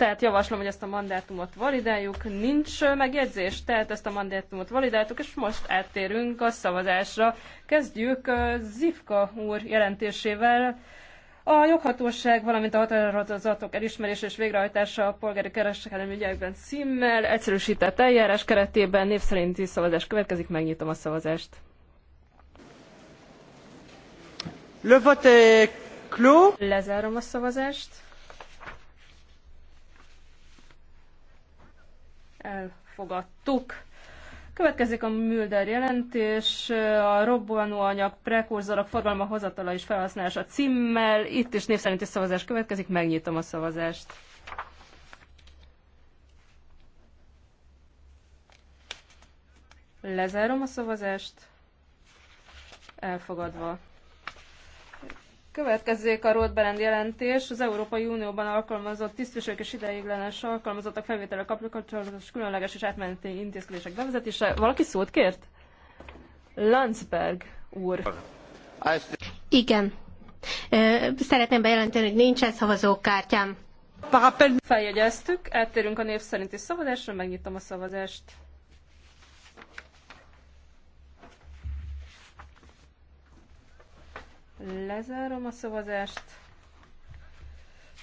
Tehát javaslom, hogy ezt a mandátumot validáljuk. Nincs megjegyzés, tehát ezt a mandátumot validáltuk, és most áttérünk a szavazásra. Kezdjük Zivka úr jelentésével. A joghatóság, valamint a határozatok elismerése és végrehajtása a polgári kereskedelmi ügyekben címmel egyszerűsített eljárás keretében név szerinti szavazás következik, megnyitom a szavazást. Le vote clos. Lezárom a szavazást. elfogadtuk. Következik a Mülder jelentés, a robbanóanyag prekurzorok forgalma hozatala és felhasználása címmel. Itt is név szerinti szavazás következik, megnyitom a szavazást. Lezárom a szavazást. Elfogadva. Következzék a Rothberend jelentés, az Európai Unióban alkalmazott tisztviselők és ideiglenes alkalmazottak felvételre kapcsolatos különleges és átmeneti intézkedések bevezetése. Valaki szót kért? Landsberg úr. Igen. Szeretném bejelenteni, hogy ez szavazókártyám. Feljegyeztük, eltérünk a név szerinti szavazásra, megnyitom a szavazást. Lezárom a szavazást.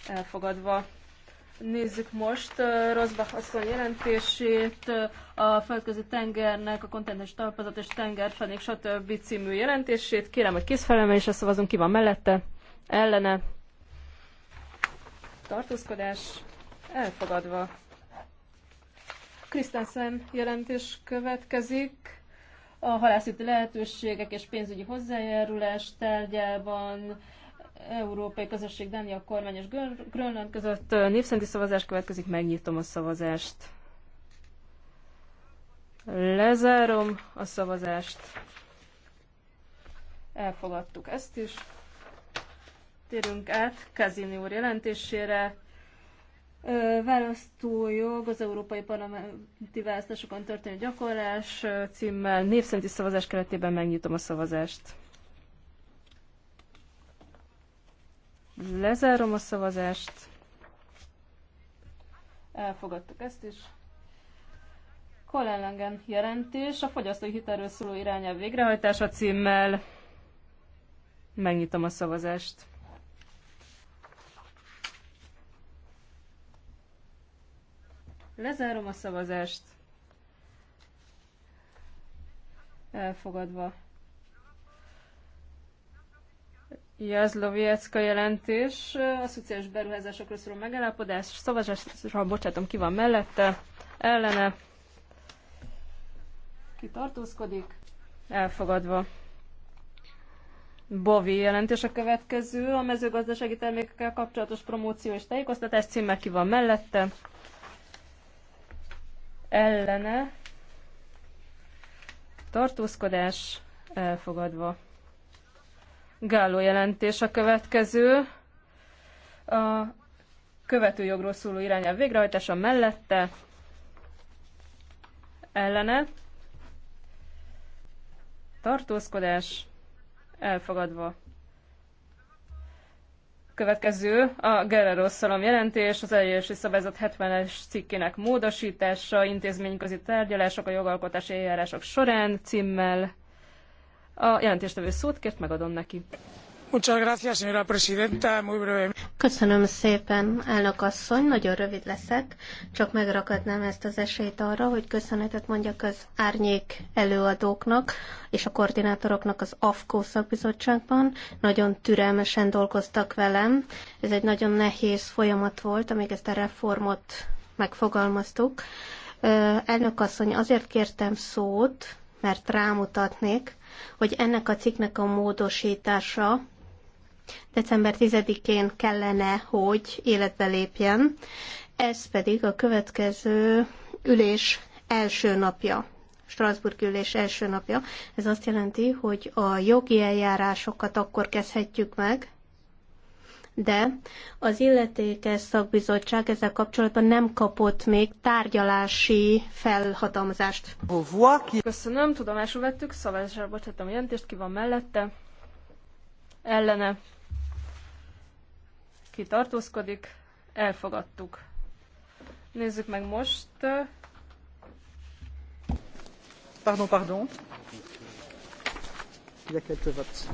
Elfogadva. Nézzük most uh, Rosbach asszony jelentését, uh, a földközi tengernek, a kontinens talpazat és tengerfenék, stb. című jelentését. Kérem, hogy készfelemelésre szavazunk, ki van mellette, ellene. Tartózkodás elfogadva. Krisztánszem jelentés következik a halászati lehetőségek és pénzügyi hozzájárulás tárgyában, Európai Közösség, Dánia kormány és Grönland között uh, népszenti szavazás következik, megnyitom a szavazást. Lezárom a szavazást. Elfogadtuk ezt is. Térünk át Kazini úr jelentésére választójog az Európai Parlamenti Választásokon történő gyakorlás címmel népszerinti szavazás keretében megnyitom a szavazást. Lezárom a szavazást. Elfogadtuk ezt is. Kolellengen jelentés a fogyasztói hitelről szóló irányelv végrehajtása címmel. Megnyitom a szavazást. Lezárom a szavazást. Elfogadva. Jazlovjecka jelentés, a szociális beruházásokról szóló megállapodás, szavazásra bocsátom, ki van mellette, ellene, ki tartózkodik, elfogadva. Bovi jelentés a következő, a mezőgazdasági termékekkel kapcsolatos promóció és tájékoztatás címmel ki van mellette, ellene tartózkodás elfogadva. Gáló jelentés a következő. A követő jogról szóló irányelv végrehajtása mellette ellene tartózkodás elfogadva. Következő a Guerrero Szalom jelentés, az eljárási szabályzat 70-es cikkének módosítása, intézményközi tárgyalások a jogalkotási eljárások során címmel. A jelentéstevő szót kért, megadom neki. Muchas gracias, señora presidenta. Muy breve. Köszönöm szépen, elnök asszony, nagyon rövid leszek, csak megrakadnám ezt az esélyt arra, hogy köszönetet mondjak az árnyék előadóknak és a koordinátoroknak az AFKO szakbizottságban. Nagyon türelmesen dolgoztak velem. Ez egy nagyon nehéz folyamat volt, amíg ezt a reformot megfogalmaztuk. Elnök asszony, azért kértem szót, mert rámutatnék, hogy ennek a cikknek a módosítása december 10-én kellene, hogy életbe lépjen. Ez pedig a következő ülés első napja. Strasbourg ülés első napja. Ez azt jelenti, hogy a jogi eljárásokat akkor kezdhetjük meg, de az illetékes szakbizottság ezzel kapcsolatban nem kapott még tárgyalási felhatalmazást. Köszönöm, tudomásul vettük, szavazásra bocsátom a jelentést, ki van mellette, ellene ki tartózkodik, elfogadtuk. Nézzük meg most. Pardon, pardon. Il y a quelques votes.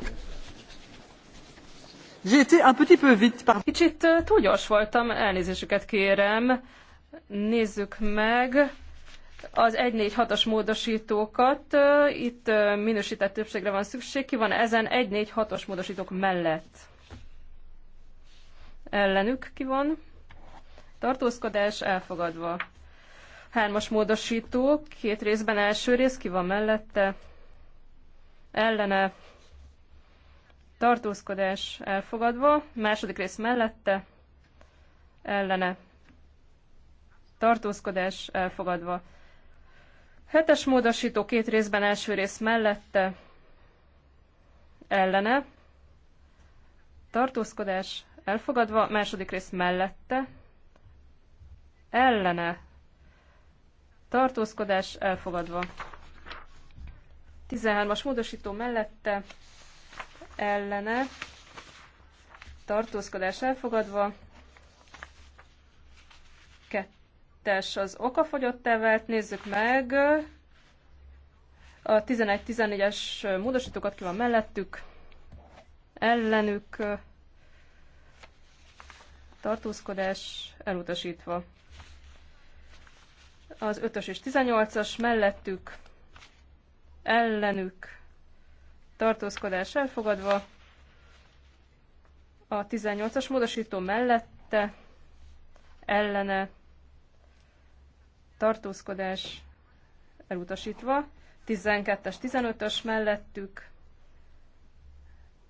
J'ai été un petit peu vite. Pardon. Kicsit túl gyors voltam, elnézésüket kérem. Nézzük meg az 1-4-6-as módosítókat. Itt minősített többségre van szükség. Ki van ezen 1-4-6-os módosítók mellett? ellenük ki van, tartózkodás elfogadva. Hármas módosító, két részben első rész, ki van mellette, ellene, tartózkodás elfogadva, második rész mellette, ellene, tartózkodás elfogadva. Hetes módosító két részben első rész mellette, ellene, tartózkodás elfogadva, második rész mellette, ellene, tartózkodás elfogadva. 13-as módosító mellette, ellene, tartózkodás elfogadva, kettes az okafogyott vált, nézzük meg, a 11-14-es módosítókat ki van mellettük, ellenük, tartózkodás elutasítva. Az 5-ös és 18-as mellettük, ellenük, tartózkodás elfogadva. A 18-as módosító mellette, ellene, tartózkodás elutasítva. 12-es, 15-ös mellettük,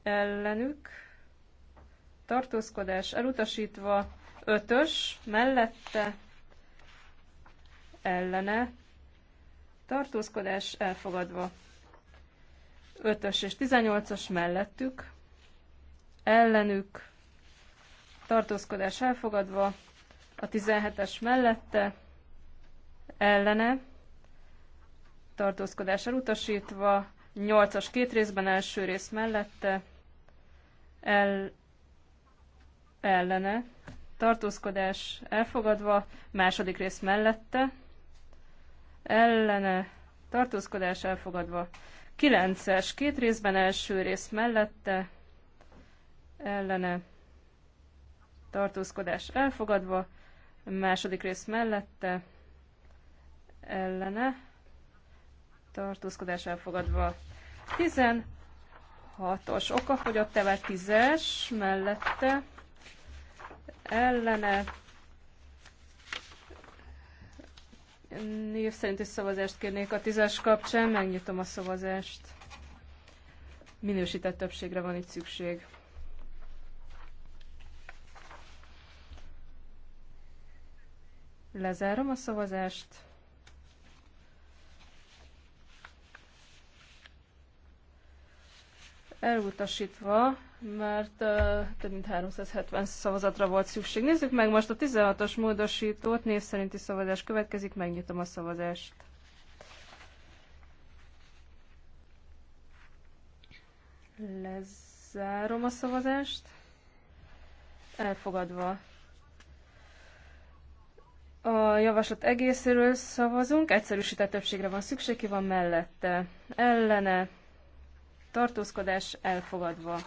ellenük, tartózkodás elutasítva, ötös mellette ellene tartózkodás elfogadva. ötös és 18-as mellettük, ellenük tartózkodás elfogadva, a 17-es mellette, ellene tartózkodás elutasítva, 8-as két részben első rész mellette, el, ellene, tartózkodás elfogadva, második rész mellette, ellene, tartózkodás elfogadva, kilences két részben első rész mellette, ellene, tartózkodás elfogadva, második rész mellette, ellene, tartózkodás elfogadva, 16-os okafogyott, tevet 10-es mellette, ellene. Név szerinti szavazást kérnék a tízes kapcsán, megnyitom a szavazást. Minősített többségre van itt szükség. Lezárom a szavazást. Elutasítva mert uh, több mint 370 szavazatra volt szükség. Nézzük meg most a 16-os módosítót, név szerinti szavazás következik, megnyitom a szavazást. Lezárom a szavazást. Elfogadva. A javaslat egészéről szavazunk, egyszerűsített többségre van szükség, ki van mellette. Ellene, tartózkodás elfogadva.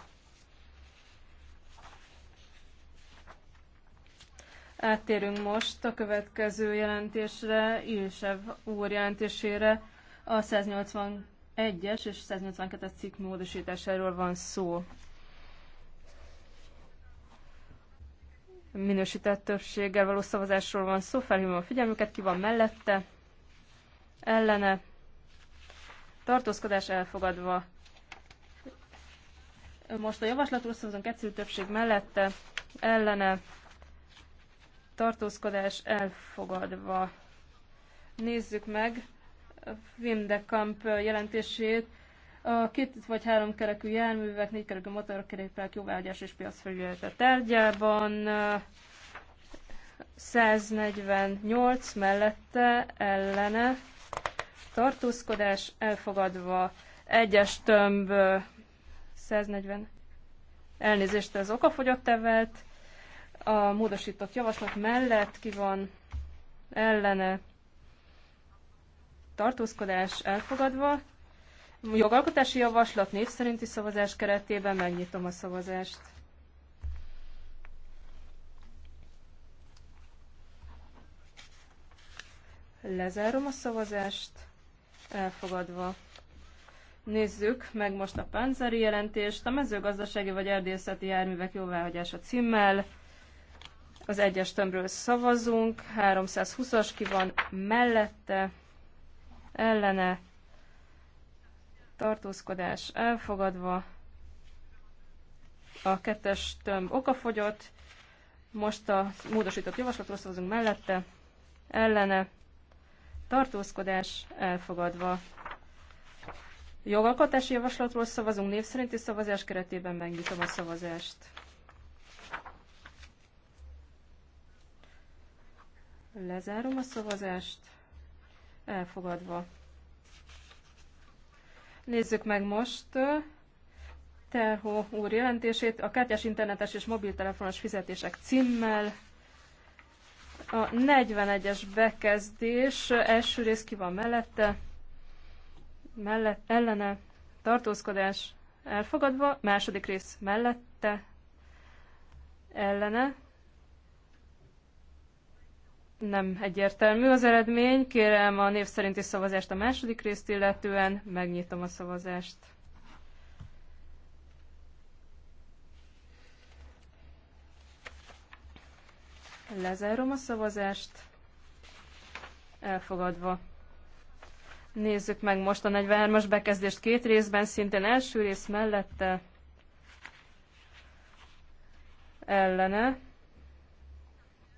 Áttérünk most a következő jelentésre, Ilsev úr jelentésére. A 181-es és 182-es cikk módosításáról van szó. Minősített többséggel való szavazásról van szó, felhívom a figyelmüket, ki van mellette, ellene, tartózkodás elfogadva. Most a javaslatról szavazunk egyszerű többség mellette, ellene, tartózkodás elfogadva. Nézzük meg Wim de Kamp jelentését. A két vagy három kerekű járművek, négy kerekű motorkerékpárk jóvágyás és piacfelügyelete tárgyában 148 mellette ellene tartózkodás elfogadva egyes tömb 140 elnézést az okafogyott tevelt a módosított javaslat mellett ki van ellene tartózkodás elfogadva. Jogalkotási javaslat név szerinti szavazás keretében megnyitom a szavazást. Lezárom a szavazást, elfogadva. Nézzük meg most a pánzeri jelentést, a mezőgazdasági vagy erdészeti járművek jóváhagyása címmel. Az egyes tömbről szavazunk, 320-as ki van mellette, ellene, tartózkodás elfogadva, a kettes tömb okafogyott, most a módosított javaslatról szavazunk mellette, ellene, tartózkodás elfogadva. Jogalkotási javaslatról szavazunk név szerinti szavazás keretében megnyitom a szavazást. Lezárom a szavazást. Elfogadva. Nézzük meg most Terho úr jelentését. A kártyás internetes és mobiltelefonos fizetések címmel. A 41-es bekezdés első rész ki van mellette, mellett, ellene, tartózkodás elfogadva, második rész mellette, ellene, nem egyértelmű az eredmény. Kérem a név szerinti szavazást a második részt illetően. Megnyitom a szavazást. Lezárom a szavazást. Elfogadva. Nézzük meg most a 43-as bekezdést két részben, szintén első rész mellette ellene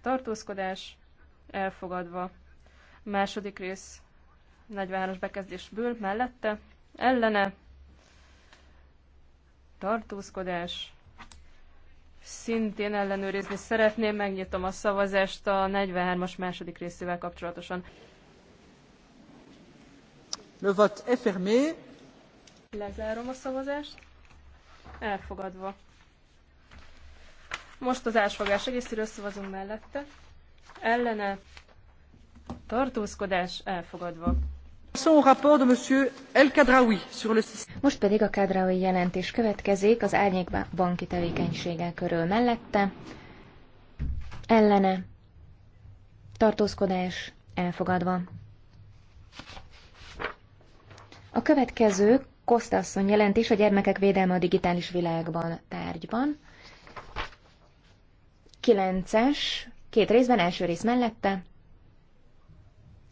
tartózkodás elfogadva. Második rész 43-as bekezdésből mellette, ellene, tartózkodás, szintén ellenőrizni szeretném, megnyitom a szavazást a 43-as második részével kapcsolatosan. Le vote est fermé. Lezárom a szavazást. Elfogadva. Most az ásfogás egészéről szavazunk mellette ellene tartózkodás elfogadva. Most pedig a Kadraui jelentés következik az árnyék banki tevékenysége körül mellette. Ellene tartózkodás elfogadva. A következő Koszta jelentés a gyermekek védelme a digitális világban tárgyban. 9-es Két részben, első rész mellette,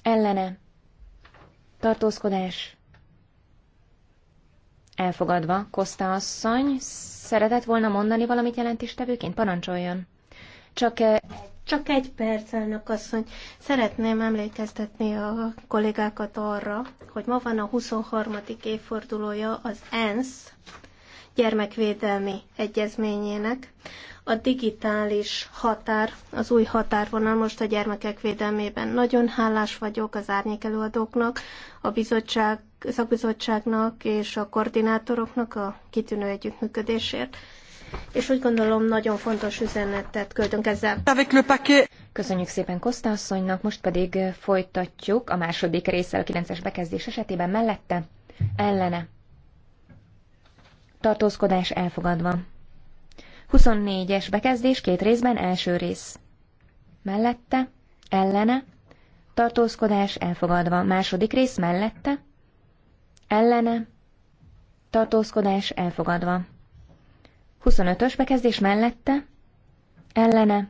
ellene, tartózkodás, elfogadva, Koszta asszony, szeretett volna mondani valamit jelentéstevőként? Parancsoljon! Csak, eh, csak egy perc, elnök asszony. Szeretném emlékeztetni a kollégákat arra, hogy ma van a 23. évfordulója az ENSZ gyermekvédelmi egyezményének. A digitális határ, az új határvonal most a gyermekek védelmében. Nagyon hálás vagyok az árnyék előadóknak, a bizottság, szakbizottságnak és a koordinátoroknak a kitűnő együttműködésért. És úgy gondolom, nagyon fontos üzenetet küldünk ezzel. Köszönjük szépen Koszta asszonynak, most pedig folytatjuk a második részsel a 9-es bekezdés esetében mellette, ellene tartózkodás elfogadva. 24-es bekezdés két részben első rész. Mellette, ellene, tartózkodás elfogadva. Második rész mellette, ellene, tartózkodás elfogadva. 25-ös bekezdés mellette, ellene,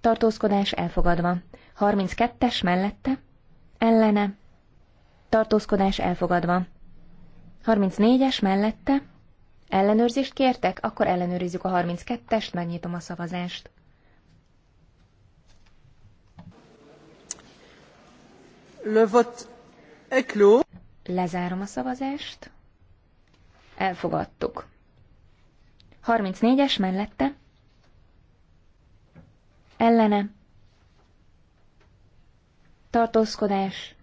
tartózkodás elfogadva. 32-es mellette, ellene, tartózkodás elfogadva. 34-es mellette, Ellenőrzést kértek? Akkor ellenőrizzük a 32-est, megnyitom a szavazást. Le vote Lezárom a szavazást. Elfogadtuk. 34-es mellette. Ellene. Tartózkodás.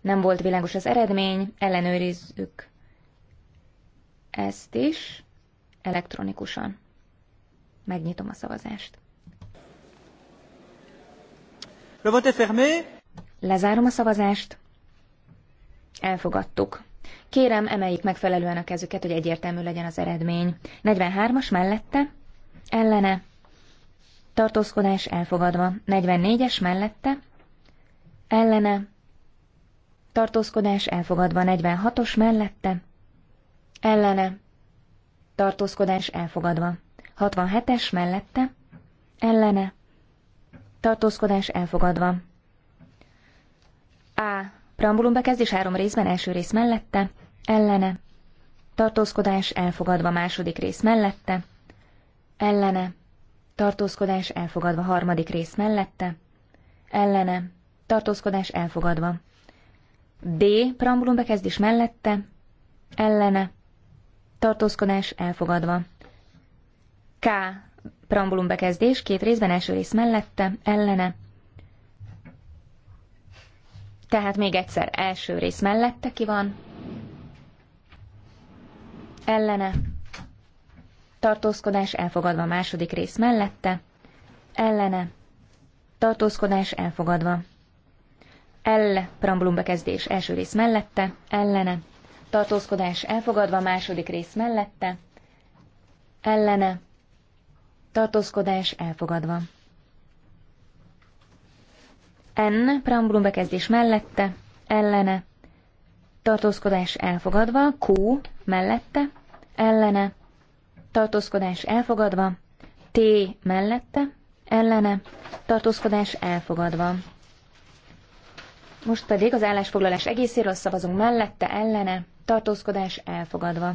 Nem volt világos az eredmény, ellenőrizzük ezt is elektronikusan. Megnyitom a szavazást. Le vote fermé. Lezárom a szavazást. Elfogadtuk. Kérem, emeljék megfelelően a kezüket, hogy egyértelmű legyen az eredmény. 43-as mellette, ellene, tartózkodás elfogadva. 44-es mellette, ellene, tartózkodás elfogadva. 46-os mellette, ellene, tartózkodás elfogadva. 67-es mellette, ellene, tartózkodás elfogadva. A. Prambulum bekezdés három részben első rész mellette, ellene, tartózkodás elfogadva második rész mellette, ellene, tartózkodás elfogadva harmadik rész mellette, ellene, tartózkodás elfogadva. D. Prambulum bekezdés mellette, ellene, tartózkodás elfogadva. K. Prambulum bekezdés, két részben, első rész mellette, ellene. Tehát még egyszer, első rész mellette ki van, ellene, tartózkodás elfogadva, második rész mellette, ellene, tartózkodás elfogadva. L. Prambulum bekezdés, első rész mellette, ellene, tartózkodás elfogadva, második rész mellette, ellene, tartózkodás elfogadva. N, preambulum bekezdés mellette, ellene, tartózkodás elfogadva, Q, mellette, ellene, tartózkodás elfogadva, T, mellette, ellene, tartózkodás elfogadva. Most pedig az állásfoglalás egészéről szavazunk mellette, ellene, tartózkodás elfogadva.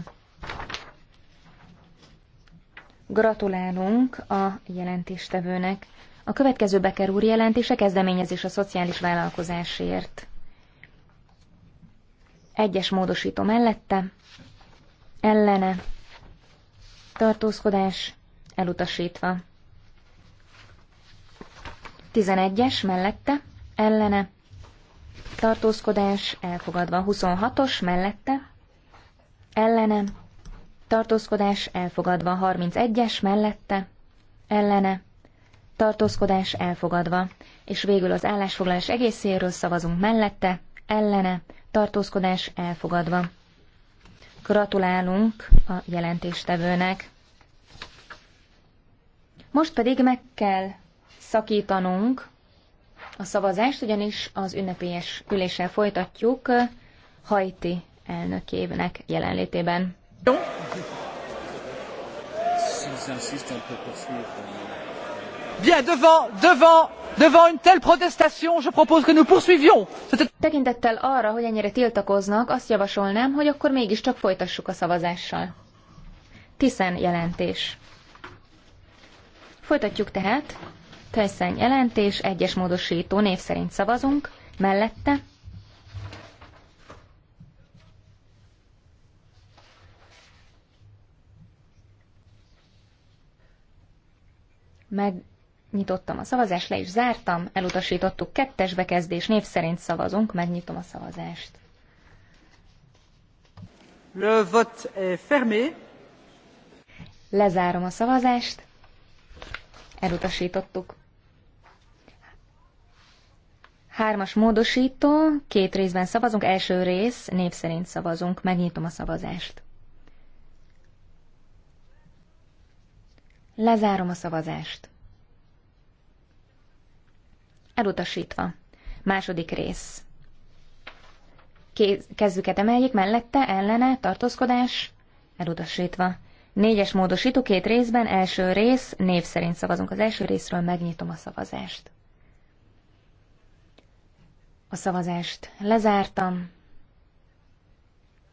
Gratulálunk a jelentéstevőnek. A következő Becker úr jelentése kezdeményezés a szociális vállalkozásért. Egyes módosító mellette, ellene, tartózkodás elutasítva. 11-es mellette, ellene, tartózkodás elfogadva. 26-os mellette, ellene, tartózkodás elfogadva. 31-es mellette, ellene, tartózkodás elfogadva. És végül az állásfoglalás egészéről szavazunk mellette, ellene, tartózkodás elfogadva. Gratulálunk a jelentéstevőnek. Most pedig meg kell szakítanunk a szavazást, ugyanis az ünnepélyes üléssel folytatjuk eh, Haiti elnökének jelenlétében. Bien, devant, devant, devant une telle protestation, je propose que nous poursuivions. Tekintettel arra, hogy ennyire tiltakoznak, azt javasolnám, hogy akkor mégiscsak folytassuk a szavazással. Tiszen jelentés. Folytatjuk tehát Tejszány jelentés, egyes módosító név szerint szavazunk, mellette. Megnyitottam a szavazást, le is zártam, elutasítottuk kettes bekezdés, név szerint szavazunk, megnyitom a szavazást. Le vote est fermé. Lezárom a szavazást. Elutasítottuk. Hármas módosító, két részben szavazunk, első rész, név szerint szavazunk, megnyitom a szavazást. Lezárom a szavazást. Elutasítva. Második rész. kezdőket emeljék, mellette, ellene, tartózkodás. Elutasítva. Négyes módosító két részben, első rész, név szerint szavazunk az első részről, megnyitom a szavazást. A szavazást lezártam.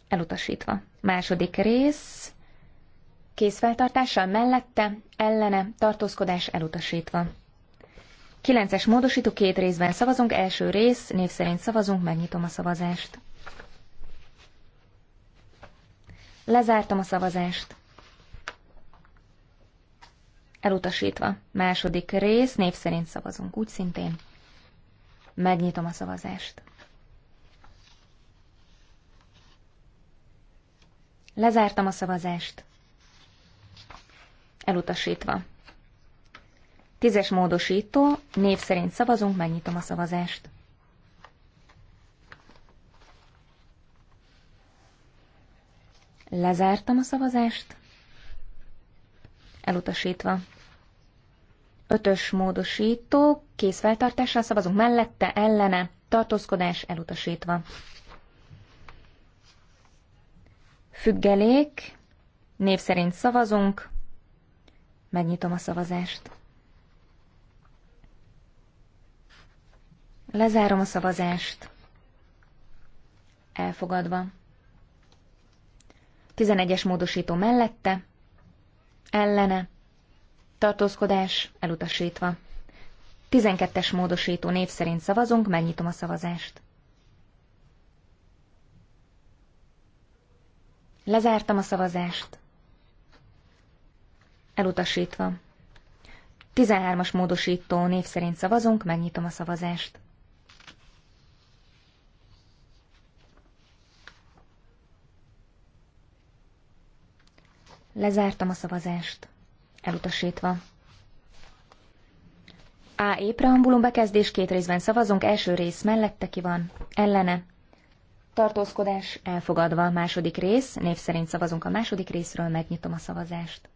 Elutasítva. Második rész. Készfeltartással mellette, ellene, tartózkodás elutasítva. Kilences módosító két részben szavazunk, első rész, név szerint szavazunk, megnyitom a szavazást. Lezártam a szavazást. Elutasítva. Második rész, név szerint szavazunk, úgy szintén. Megnyitom a szavazást. Lezártam a szavazást. Elutasítva. Tízes módosító, név szerint szavazunk, megnyitom a szavazást. Lezártam a szavazást. Elutasítva. Ötös módosító, készfeltartással szavazunk mellette, ellene, tartózkodás elutasítva. Függelék, név szerint szavazunk, megnyitom a szavazást. Lezárom a szavazást. Elfogadva. 11-es módosító mellette, ellene, tartózkodás elutasítva. 12-es módosító név szerint szavazunk, megnyitom a szavazást. Lezártam a szavazást. Elutasítva. 13-as módosító név szerint szavazunk, megnyitom a szavazást. Lezártam a szavazást. Elutasítva. A. Épreambulum bekezdés két részben szavazunk, első rész mellette ki van, ellene. Tartózkodás elfogadva, második rész, név szerint szavazunk a második részről, megnyitom a szavazást.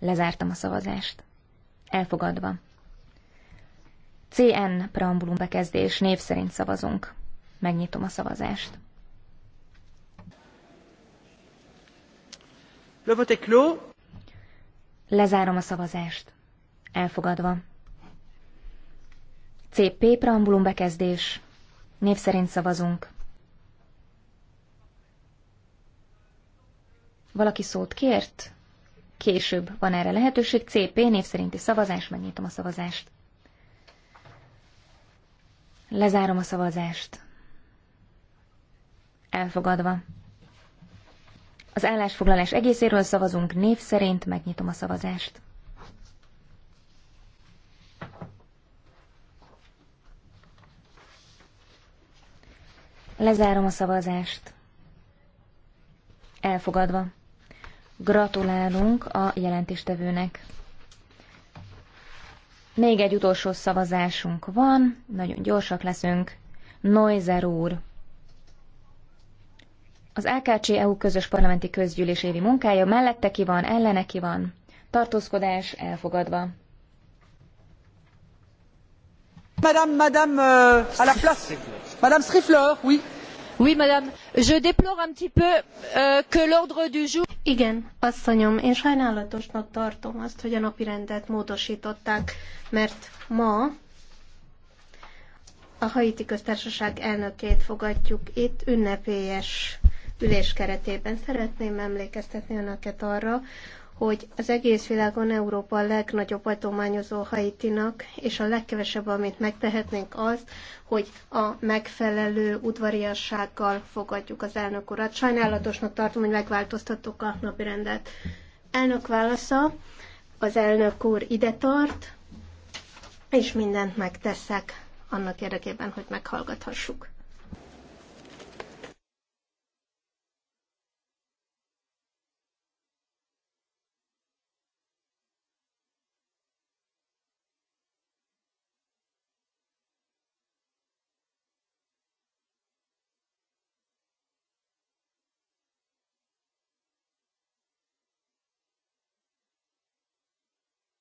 Lezártam a szavazást. Elfogadva. CN preambulum bekezdés, név szerint szavazunk. Megnyitom a szavazást. Le vote est clos. Lezárom a szavazást. Elfogadva. CP preambulum bekezdés. Név szerint szavazunk. Valaki szót kért? Később van erre lehetőség. CP név szerinti szavazás. Megnyitom a szavazást. Lezárom a szavazást. Elfogadva. Az állásfoglalás egészéről szavazunk név szerint, megnyitom a szavazást. Lezárom a szavazást. Elfogadva. Gratulálunk a jelentéstevőnek. Még egy utolsó szavazásunk van, nagyon gyorsak leszünk. Noizer úr az AKC-EU közös parlamenti közgyűlés évi munkája mellette ki van, ellene ki van. Tartózkodás elfogadva. Madame, madame, euh, à la place. Madame Strifler, oui. Oui, madame, je déplore un petit peu euh, que l'ordre du jour... Igen, asszonyom, én sajnálatosnak tartom azt, hogy a napi rendet módosították, mert ma a Haiti köztársaság elnökét fogadjuk itt ünnepélyes ülés keretében. Szeretném emlékeztetni önöket arra, hogy az egész világon Európa a legnagyobb adományozó Haitinak, és a legkevesebb, amit megtehetnénk az, hogy a megfelelő udvariassággal fogadjuk az elnök urat. Sajnálatosnak tartom, hogy megváltoztattuk a napi rendet. Elnök válasza, az elnök úr ide tart, és mindent megteszek annak érdekében, hogy meghallgathassuk.